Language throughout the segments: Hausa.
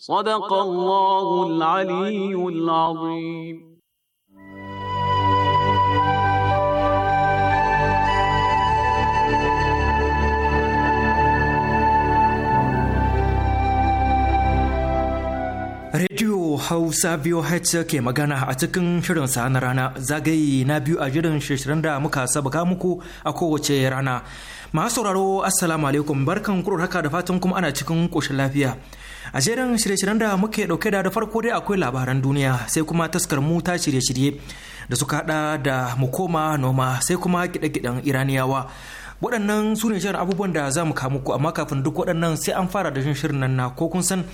صدق الله العلي العظيم Radio Hausa Hatsa ke magana a cikin shirin sa na rana zagaye na biyu a jirin shirin da muka sabaka muku a kowace rana. Masu sauraro Assalamu alaikum barkan kuro haka da fatan kuma ana cikin ƙoshin lafiya. A jerin shirye-shiryen da muke dauke da da farko dai akwai labaran duniya sai kuma taskar mu ta shirye-shirye da suka hada da mu koma noma sai kuma gida-gidan Iraniyawa. Waɗannan su ne shirin abubuwan da za mu kamu ku amma kafin duk waɗannan sai an fara da shirin nan na ko kun san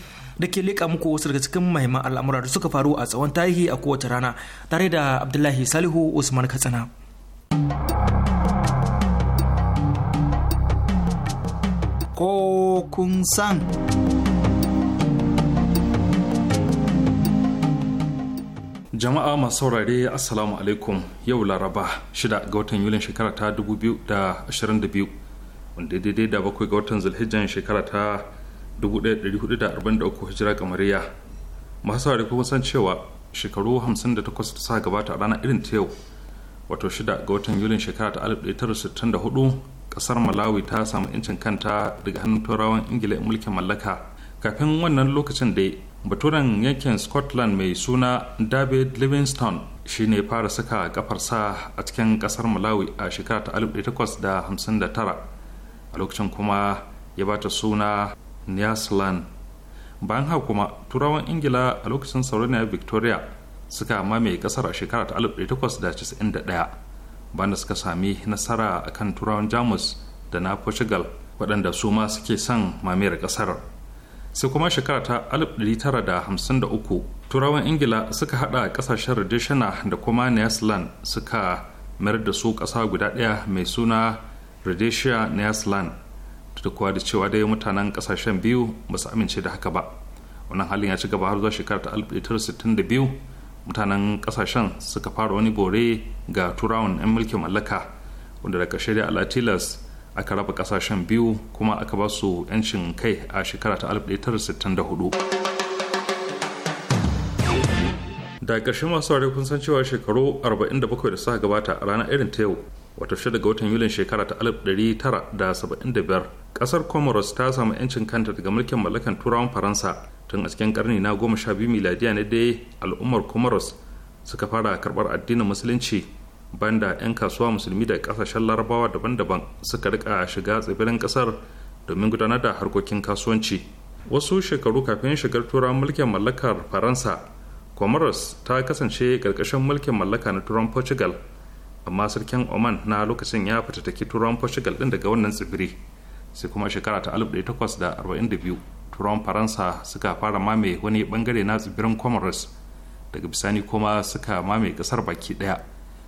da ke leƙa muku wasu daga cikin mahimman al'amura da suka faru a tsawon tarihi a kowace rana tare da Abdullahi Salihu Usman Katsina. Ko kun san. jama'a masu saurare assalamu alaikum yau laraba 6 ga watan yulin shekara ta 2022 wanda daidai da bakwai ga watan zulhijjan shekara ta 1443 hijira kamariya masu saurare kuma san cewa shekaru 58 da sa gabata a ranar irin ta yau wato 6 ga watan yulin shekara ta 1964 kasar malawi ta samu 'yancin kanta daga hannun turawan ingila mulkin mallaka kafin wannan lokacin da baturen yankin scotland mai suna david livingston shi ne fara saka kafarsa a cikin kasar malawi a shekara ta 1859 a lokacin kuma ya ba ta suna nyasaland bayan haka kuma turawan ingila a lokacin sauraniya victoria suka mamaye kasar a shekara ta 1891 banda suka sami nasara akan turawan jamus da na portugal waɗanda su ma suke son mamayar kasar sai kuma shekara ta 1953 turawan ingila suka hada kasashen radishana da kuma neasland suka mayar da su kasa guda daya mai suna rhodesia neasland da kuwa da cewa dai mutanen kasashen biyu ba su amince da haka ba wannan halin ya ci gaba har zuwa shekara ta 1962 mutanen kasashen suka fara wani bore ga turawan 'yan mulkin mallaka wanda da ƙarshe alatilas aka raba kasashen biyu kuma aka ba su 'yancin kai a shekara ta 1964 da ƙarshe masu ware kun san cewa shekaru 47 da suka gabata a ranar irin ta yau wata shida ga watan yulin shekara ta 1975 ƙasar comoros ta samu 'yancin kanta daga mulkin mallakan turawan faransa tun a cikin karni na 12 miladiya na dai al'ummar comoros suka fara karɓar addinin musulunci banda 'yan kasuwa musulmi da kasashen larabawa daban-daban suka rika shiga tsibirin kasar domin gudanar da harkokin kasuwanci wasu shekaru kafin shigar turan mulkin mallakar faransa comoros ta kasance karkashin mulkin mallaka na turan portugal amma sarkin oman na lokacin ya fitattaki turan portugal din daga wannan tsibiri sai kuma shekara ta 1842 turan faransa suka fara mame wani bangare na tsibirin comoros daga bisani kuma suka mame kasar baki daya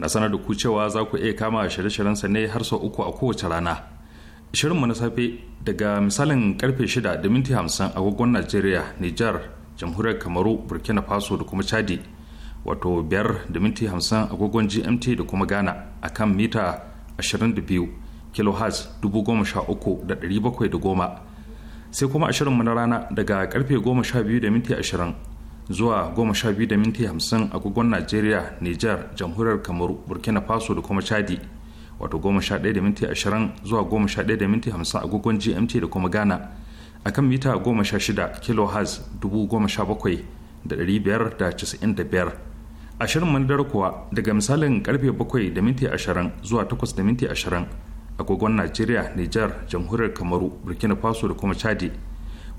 na sanar da ku cewa za ku iya kama shirye sa ne har sau uku a kowace rana. Shirinmu na safe daga misalin karfe shida da minti hamsin agogon Najeriya, Nijar, Jamhuriyar Kamaru, Burkina Faso da kuma Chadi. Wato 5 da minti hamsin agogon GMT da kuma Ghana a kan mita 22 kilohertz 13710 sai kuma ashirinmu na rana daga karfe 12 da minti 20 zuwa goma sha biyu da minti agogon najeriya nijar jamhuriyar kamaru burkina faso da kuma chadi wato goma sha ɗaya zuwa goma sha ɗaya da minti hamsin agogon gmt da kuma ghana akan mita goma sha shida kilohertz dubu goma sha bakwai biyar da da biyar ashirin manadar kuwa daga misalin karfe bakwai da minti ashirin zuwa takwas da minti ashirin agogon najeriya nijar jamhuriyar kamaru burkina faso da kuma chadi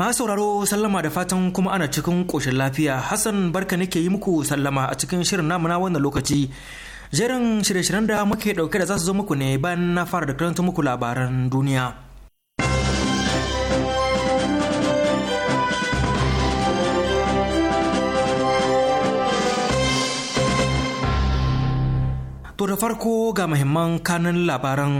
masu sauraro sallama da fatan kuma ana cikin ƙoshin lafiya hassan barka nake yi muku sallama a cikin shirin namuna na wannan lokaci jerin shirye-shiryen da muke ɗauke da za su zo muku ne bayan na fara da karanta muku labaran duniya To da farko ga muhimman kanun labaran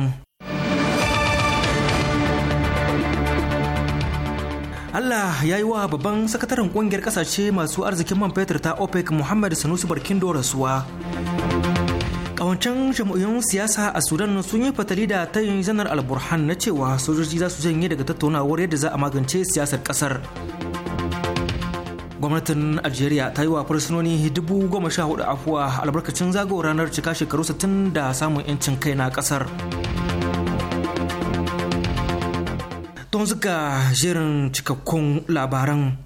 Allah ya yi wa babban sakataren kungiyar kasashe masu arzikin man fetur ta OPEC Muhammad Sanusi Barkindo rasuwa. Kawancan jam'iyyun siyasa a Sudan sun yi fatali da ta yin zanar alburhan na cewa sojoji za su janye daga tattaunawar yadda za a magance siyasar kasar. Gwamnatin Algeria ta yi wa fursunoni dubu goma sha hudu afuwa albarkacin zago ranar cika shekaru 60 da samun 'yancin kai na kasar. Don zuga jerin cikakkun labaran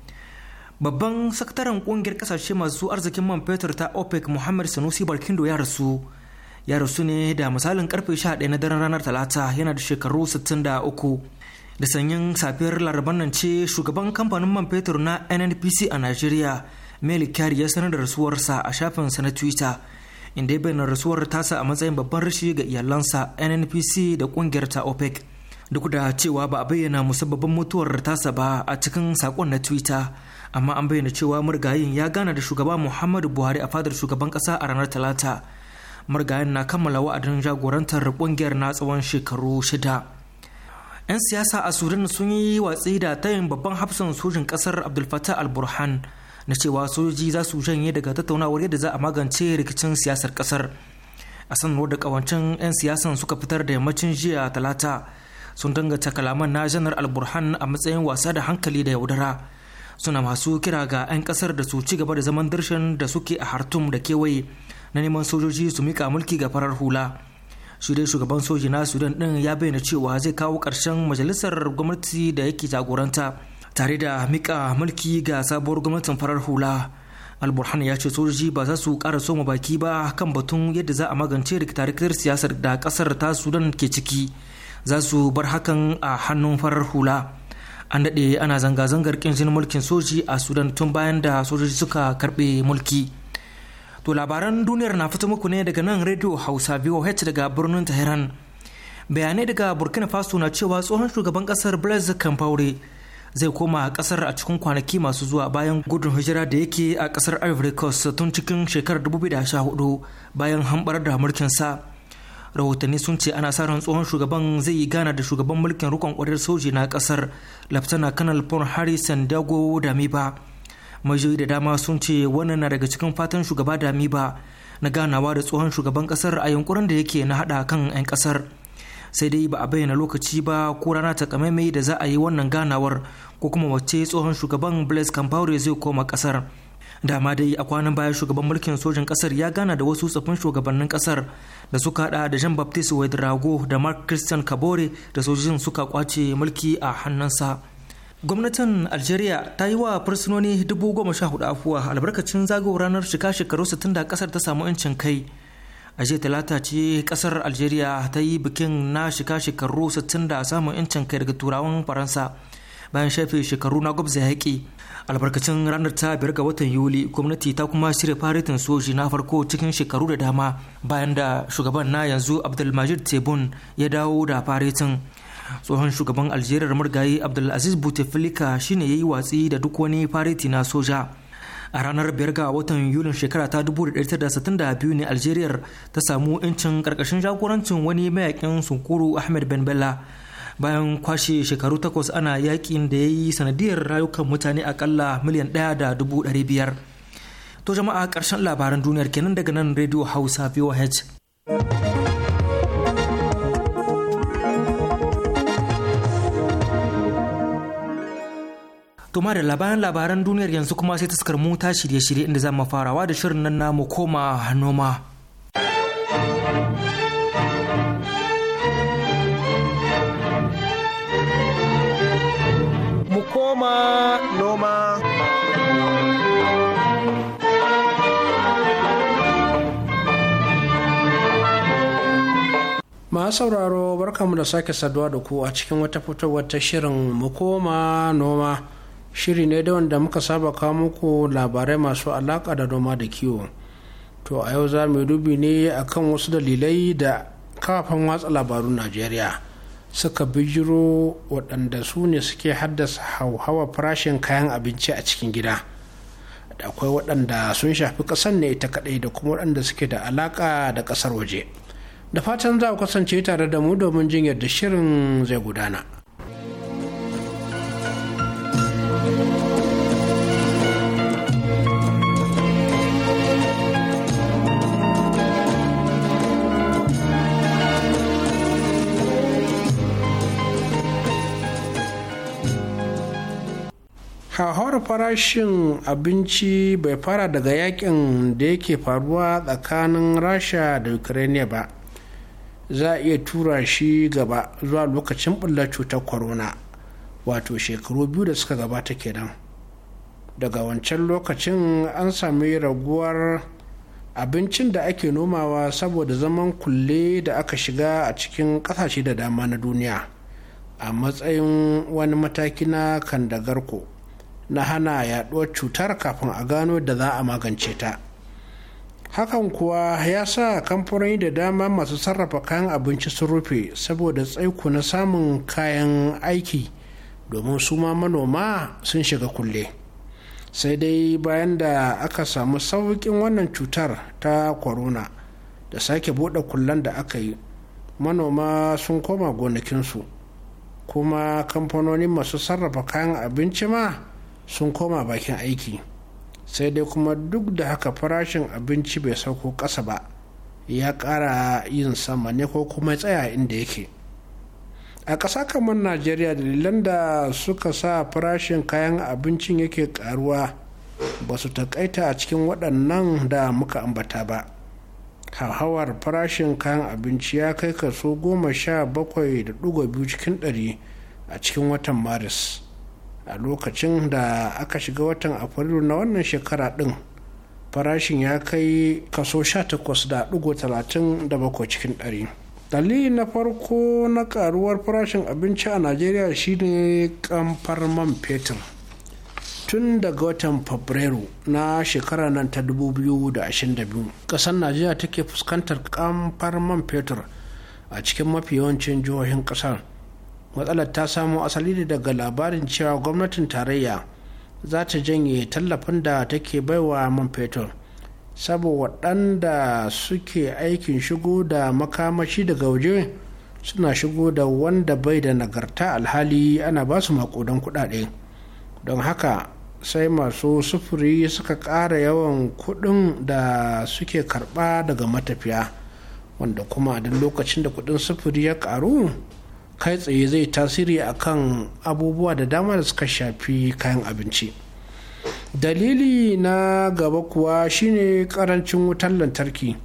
babban sakataren kungiyar kasashe masu arzikin man fetur ta opec muhammad sanusi barkindo ya rasu ya rasu ne da misalin karfe 11 na daren ranar talata yana da shekaru 63 da sanyin safiyar laraban nan ce shugaban kamfanin man fetur na nnpc a nigeria meli kari ya sanar da rasuwarsa a shafinsa na twitter inda ya bayyana rasuwar tasa a matsayin babban rashi ga iyalansa nnpc da kungiyar ta opec duk da cewa ba a bayyana musabbabin mutuwar tasa ba a cikin sakon na twitter amma an bayyana cewa murgayin ya gana da shugaba muhammadu buhari a fadar shugaban kasa a ranar talata murgayin na kammala wa'adin jagorantar kungiyar na tsawon shekaru shida 'yan siyasa a sudan sun yi watsi da tayin babban hafsan sojin kasar abdul fatah al-burhan na cewa sojoji za su janye daga tattaunawar yadda za a magance rikicin siyasar kasar a sanarwar da kawancin 'yan siyasan suka fitar da yammacin jiya talata sun danganta kalaman na janar alburhan a matsayin wasa da hankali da yaudara suna masu kira ga 'yan kasar da su ci gaba da zaman darshen da suke a hartum da kewaye na neman sojoji su mika mulki ga farar hula shi dai shugaban soji na sudan din ya bayyana cewa zai kawo karshen majalisar gwamnati da yake jagoranta tare da mika mulki ga sabuwar gwamnatin farar hula alburhan ya ce sojoji ba za su kara soma baki ba kan batun yadda za a magance rikitar siyasar da kasar ta sudan ke ciki za su bar hakan a hannun farar hula an daɗe ana zanga-zangar ƙinshin mulkin soji a sudan tun bayan da sojoji suka karɓe mulki to labaran duniyar na fito muku ne daga nan radio hausa voh daga birnin tehran bayanai daga burkina faso na cewa tsohon shugaban ƙasar blaise kamfaure zai koma kasar a cikin kwanaki masu zuwa bayan gudun hijira da yake a kasar ivory coast tun cikin shekarar 2014 bayan hambar da mulkinsa rahotanni sun ce ana sa ran tsohon shugaban zai yi gana da shugaban mulkin rukon kwarar soji na kasar laftana kanal paul harrison dago damiba majiyoyi da dama sun ce wannan na daga cikin fatan shugaba damiba na ganawa da tsohon shugaban kasar a yunkurin da yake na hada kan 'yan kasar sai dai ba a bayyana lokaci ba ko rana takamaimai da za a yi wannan ganawar ko kuma wacce tsohon shugaban blaise compaore zai koma kasar dama dai a kwanan baya shugaban mulkin sojin kasar ya gana da wasu tsafin shugabannin kasar da suka hada da jean baptiste wadrago da mark christian kabore da sojojin suka kwace mulki a hannunsa gwamnatin algeria ta yi wa fursunoni dubu goma sha hudu afuwa albarkacin zagawar ranar shika shekaru sittin da kasar ta samu yancin kai a jiya talata ce kasar algeria ta yi bikin na shika shekaru sittin da samun yancin kai daga turawan faransa bayan shafe shekaru na gwabza yaƙi albarkacin ranar ta biyar ga watan yuli gwamnati ta kuma shirya faritin soji na farko cikin shekaru da dama bayan da shugaban na yanzu abdulmajid tebun ya dawo da faritin tsohon shugaban algeria murgaye abdulaziz bouteflika shine ya yi watsi da duk wani fariti na soja a ranar biyar ga watan yulin shekara ta 1962 ne algeria ta samu 'yancin karkashin jagorancin wani mayakin sunkuru ahmed ben bella bayan kwashe shekaru takwas ana yakin da ya yi sanadiyar rayukan mutane akalla miliyan ɗaya da dubu ɗari biyar to jama'a ƙarshen labaran duniyar kenan daga nan radio hausa voh To da labaran labaran duniyar yanzu kuma sai taskar mu ta shirye-shirye inda za mu farawa da shirin nan namu koma noma. masu sauraro barkamu da sake saduwa da ku a cikin wata fitowar ta shirin koma noma shiri ne da wanda muka saba kawo muku labarai masu alaka da noma da kiwo to a yau za mu dubi ne akan wasu dalilai da kafin watsa labarun najeriya suka bijiro waɗanda su ne suke haddasa hauhawa farashin kayan abinci a cikin gida da akwai waɗanda sun shafi ƙasar ne ita kaɗai da kuma waɗanda suke da alaƙa da ƙasar waje da fatan za ku kasance tare da mu domin jin yadda shirin zai gudana. hauhawar farashin abinci bai fara daga yakin da yake faruwa tsakanin rasha da ukraine ba za a iya tura shi gaba zuwa lokacin bullar cutar corona wato shekaru biyu da suka gabata kenan daga wancan lokacin an sami raguwar abincin da ake nomawa saboda zaman kulle da aka shiga a cikin kasashe da dama na duniya a matsayin wani mataki na kandagarko na hana yaduwar cutar kafin a gano da za a magance ta hakan kuwa ya sa kamfanoni da dama masu sarrafa kayan abinci sun rufe saboda tsaiko na samun kayan aiki domin su ma manoma sun shiga kulle sai dai bayan da aka samu sauƙin wannan cutar ta corona da sake buɗe kullan da aka yi manoma sun koma gonakinsu kuma kamfanoni masu sarrafa kayan abinci ma sun koma bakin aiki sai dai kuma duk da haka farashin abinci bai sauko ƙasa ba ya ƙara yin sama ne ko kuma tsaya inda yake a ƙasa kamar najeriya dalilan da suka sa farashin kayan abincin yake ƙaruwa ba su taƙaita a cikin waɗannan da muka ambata ba hauhawar farashin kayan abinci ya kai kaso goma sha bakwai da biyu cikin ɗari a cikin watan maris a lokacin da aka shiga watan afrilu na wannan shekara din farashin ya kai kaso 18.37 cikin ɗari. dalili na farko na karuwar farashin abinci a najeriya shine kamfar man fetur tun daga watan fabrairu na shekara nan ta 2022 ƙasar najeriya take fuskantar kamfar man fetur a cikin mafi yawancin jihohin ƙasar matsalar ta samo asali ne daga labarin cewa gwamnatin tarayya za ta janye tallafin da take baiwa man fetur sabo waɗanda suke aikin shigo da makamashi daga waje suna shigo da wanda bai da nagarta alhali ana ba su makudan kuɗaɗe don haka sai masu sufuri suka ƙara yawan kuɗin da suke karɓa daga matafiya wanda kuma a duk lokacin da kuɗin sufuri ya ƙaru kai tsaye zai tasiri akan abubuwa da dama da suka shafi kayan abinci dalili na gaba kuwa shine karancin wutar lantarki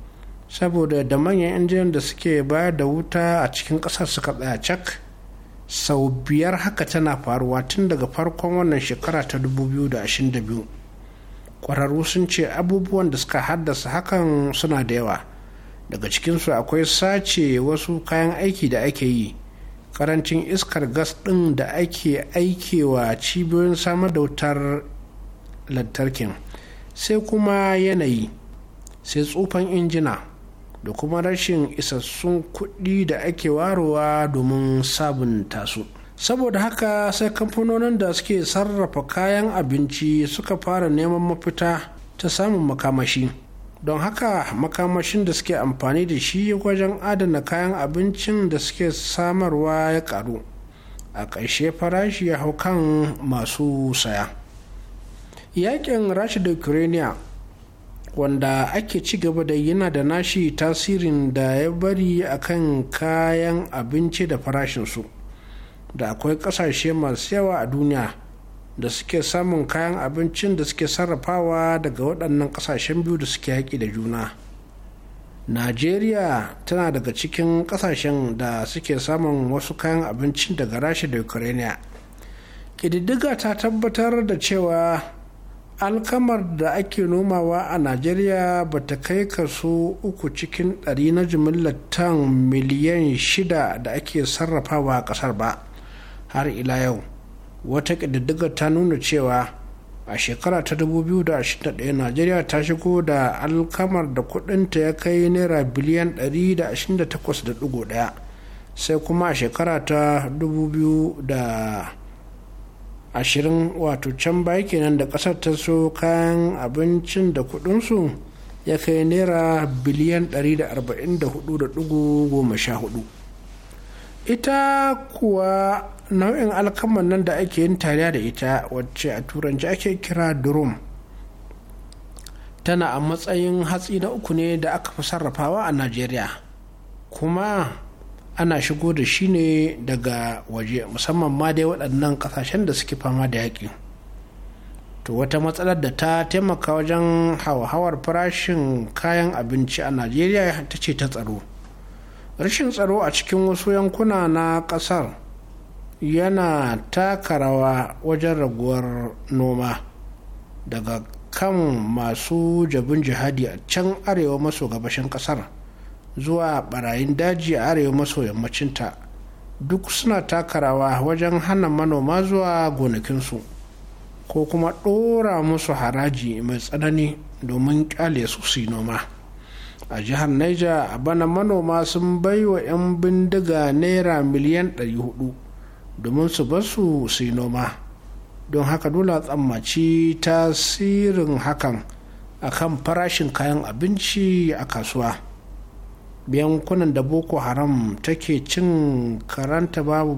saboda da manyan injiniyan da suke bayar da wuta a cikin ƙasar suka tsaya cak sau biyar haka tana faruwa tun daga farkon wannan shekara ta 2022 ƙwararru sun ce abubuwan da suka haddasa hakan suna da yawa daga cikinsu akwai sace wasu kayan aiki da ake yi karancin iskar gas ɗin da ake aikewa cibiyoyin samar da wutar lantarkin sai kuma yanayi sai tsufan injina da kuma rashin isassun kuɗi da ake warowa domin sabunta su saboda haka sai kamfanonin da suke sarrafa kayan abinci suka fara neman mafita ta samun makamashi don haka makamashin da suke amfani da shi wajen adana kayan abincin da suke samarwa ya karu a ƙarshe farashi ya hau kan masu saya yakin rashi da ukraine wanda ake ci gaba da yana da nashi tasirin da ya bari akan kayan abinci da farashinsu da akwai ƙasashe masu yawa a duniya da suke samun kayan abincin da suke sarrafawa daga waɗannan ƙasashen biyu da suke haƙi da juna najeriya tana daga cikin ƙasashen da suke samun wasu kayan abincin daga rasha da ukraine ƙididdiga ta tabbatar da cewa alkamar da ake nomawa a najeriya ba ta kai kaso uku cikin ɗari na jimillar tan miliyan shida da ake sarrafawa a ƙasar ba har ila yau wata ƙididdiga ta nuna cewa a shekara ta 2021 najeriya ta shigo da alkamar da kudinta ya kai naira biliyan 128.1 sai kuma a shekara ta 2020 wato can baya kenan da ƙasar ta so kayan abincin da kudinsu ya kai naira biliyan 144.14 ita kuwa nau'in alkaman nan da ake yin tariya da ita wacce a turanci ake kira drum tana a matsayin hatsi na uku ne da aka fi sarrafawa a najeriya kuma ana shigo da shi ne daga waje musamman ma dai waɗannan ƙasashen da suke fama da yaƙi to wata matsalar da ta taimaka wajen hauhawar farashin kayan abinci a najeriya ta ce ta tsaro rashin tsaro a cikin wasu yankuna na ƙasar yana taka rawa wajen raguwar noma daga kan masu jabin jihadi a can arewa maso gabashin ƙasar zuwa barayin daji a arewa maso yammacinta duk suna taka rawa wajen hana manoma zuwa gonakinsu ko kuma ɗora musu haraji mai tsanani domin ƙyale su su noma. a jihar niger a bana manoma sun bai wa 'yan bindiga naira miliyan 400 domin su basu su yi noma don haka dole tsammaci tasirin hakan akan farashin kayan abinci a kasuwa yankunan da boko haram take cin karanta babu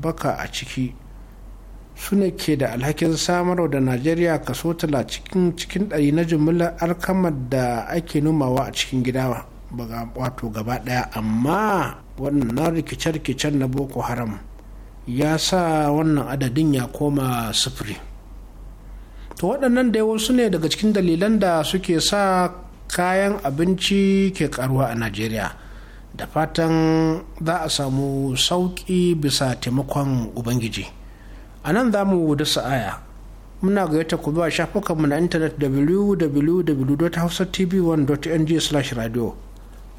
baka a ciki su ne ke da alhakin samarwa da najeriya kaso 30 cikin ɗari na jumlar alkamar da ake nomawa a cikin gida wato gaba ɗaya amma wannan rikice-rikicen na boko haram ya sa wannan adadin ya koma sifiri to waɗannan da wasu ne daga cikin dalilan da suke sa kayan abinci ke karuwa a najeriya da fatan za a samu sauƙi bisa taimakon ubangiji a nan za mu da sa'aya muna gayyata ku zuwa shafukanmu na intanet www.hausatv1.ng/radio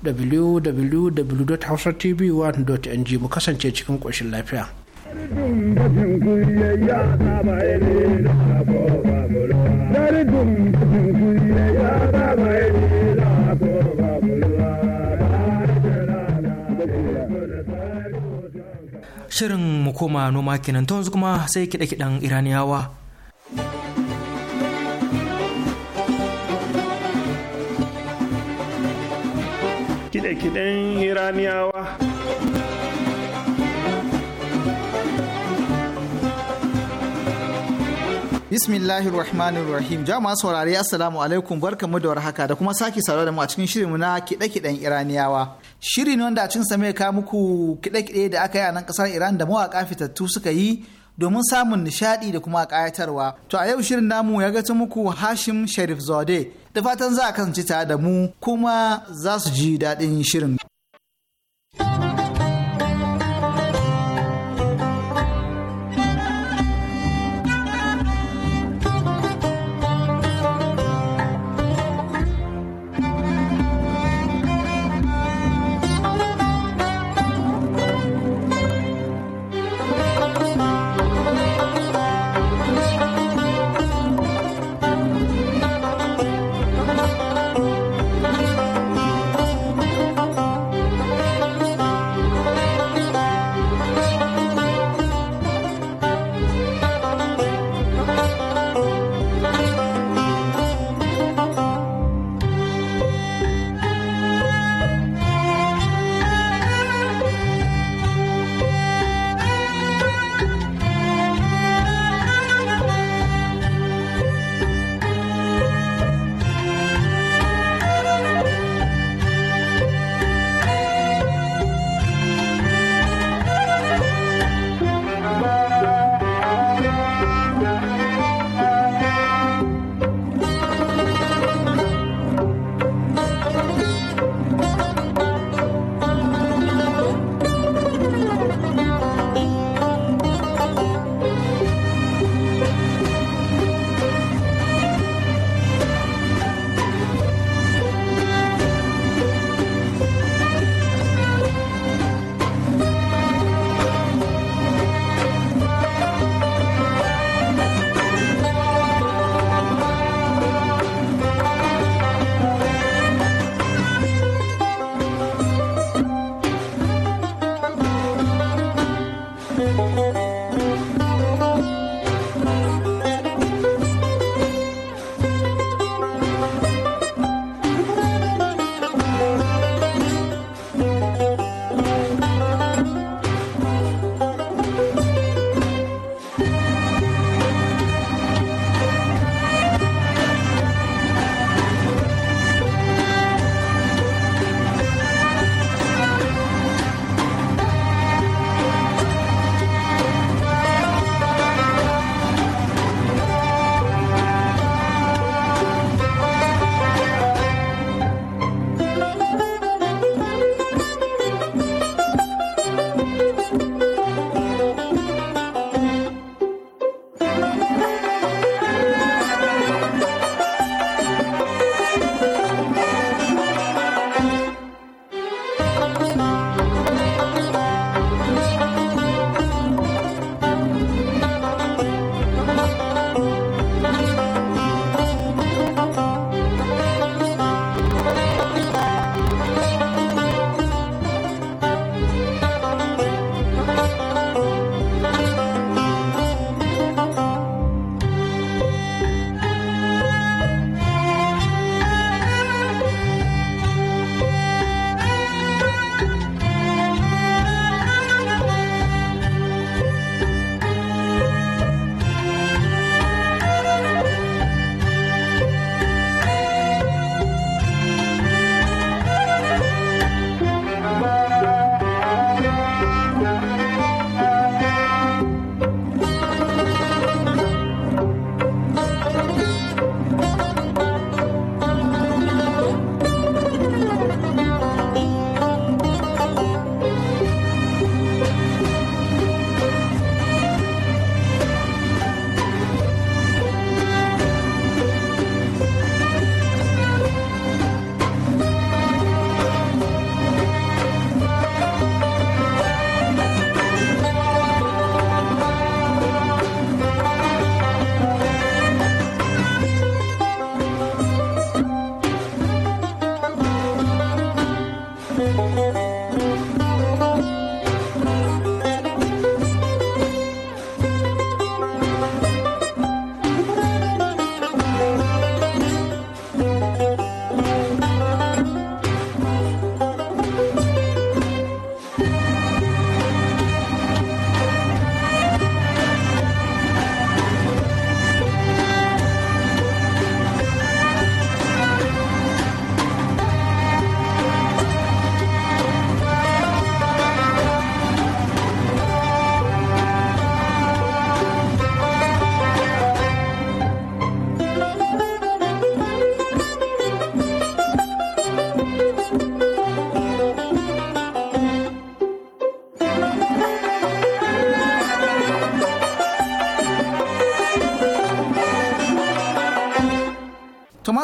www.hausatv1.ng mu kasance cikin ƙoshin lafiya. Dari dum dum kuye ya baba Shirin mu koma noma kenan to yanzu kuma sai kiɗe kiɗan Iraniyawa. Kiɗe-kiɗen Iraniyawa. Bismillahir Rahmanir Rahim. Jama'a saurari Assalamu alaikum barkamu da warhaka da kuma sake saurare da mu a cikin shirin na kiɗe-kiɗen Iraniyawa. Shiri ne wanda a cikin same ka muku kiɗe-kiɗe da aka yi a nan ƙasar Iran da mawaƙa fitattu suka yi domin samun nishaɗi da kuma kayatarwa. To a yau shirin namu ya gaci muku Hashim Sharif Zode. Da fatan za a kasance tare da mu kuma za su ji daɗin shirin.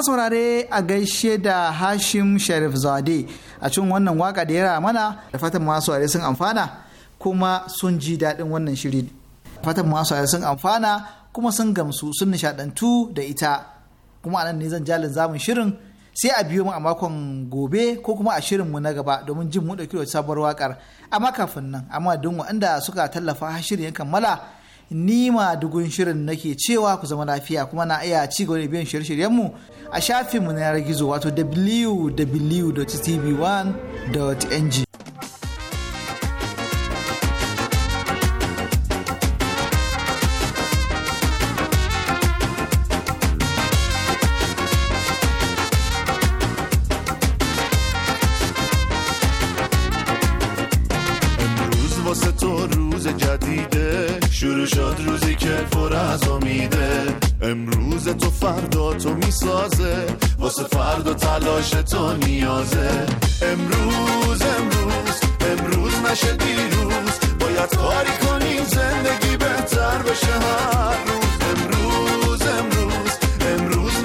saurare a gaishe da Hashim Sharif Zade a cikin wannan waka da ya mana da fatan masu saurare sun amfana kuma sun ji daɗin wannan shiri. Fatan masu saurare sun amfana kuma sun gamsu sun nishaɗantu da ita. Kuma anan ne zan jalin zamun shirin sai a biyo mu a makon gobe ko kuma a shirin mu na gaba domin jin mu dauki sabuwar wakar amma kafin nan amma don waɗanda suka tallafa shirin ya kammala ni ma dugun shirin nake cewa ku zama lafiya kuma na iya ci gaba da biyan shirye-shiryenmu a shafinmu na yanar gizo wato www.tv1.ng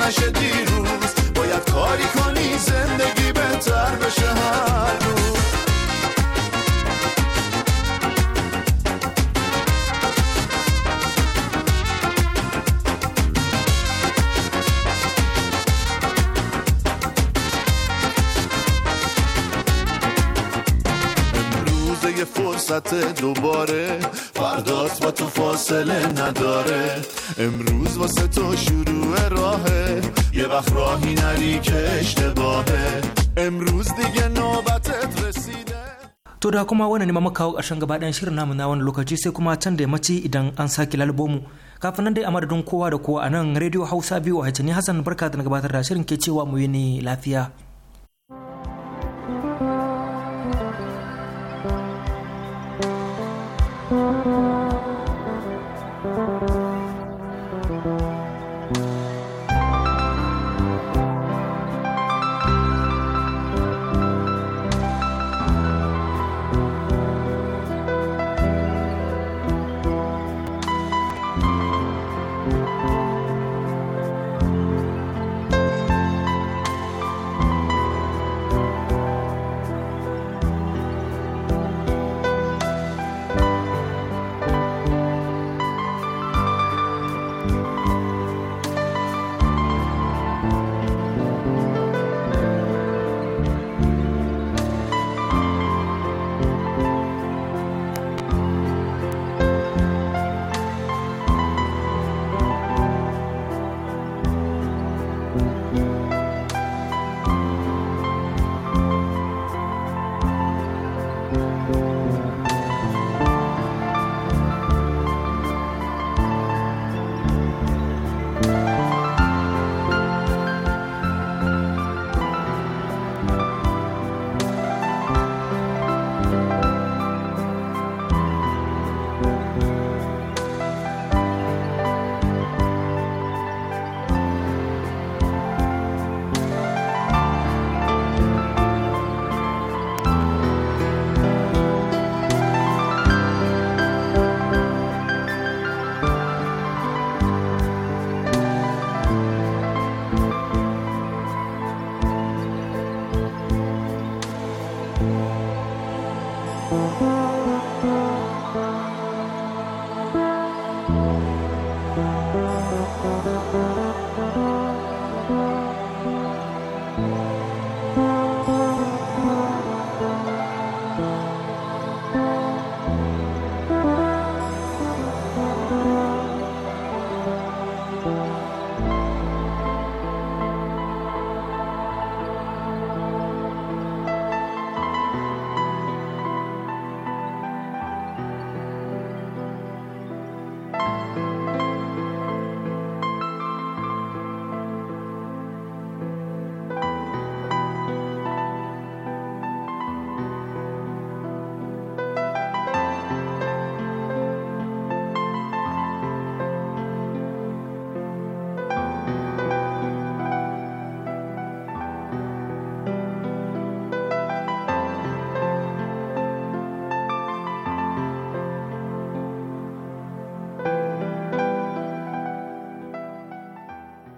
نشه دیروز باید کاری کنی زندگی بهتر بشه هم وسط دوباره فردات با تو فاصله نداره امروز واسه تو شروع راهه یه وقت راهی نری که اشتباهه امروز دیگه نوبتت رسیده To da kuma wannan ne ma kawo ƙarshen gaba ɗayan shirin namu na wani lokaci sai kuma can da yammaci idan an sake lalbomu. Kafin nan dai a madadin kowa da kowa a nan Radio Hausa biyu a ne Hassan barka da gabatar da shirin ke cewa mu yi ne lafiya. Thank you.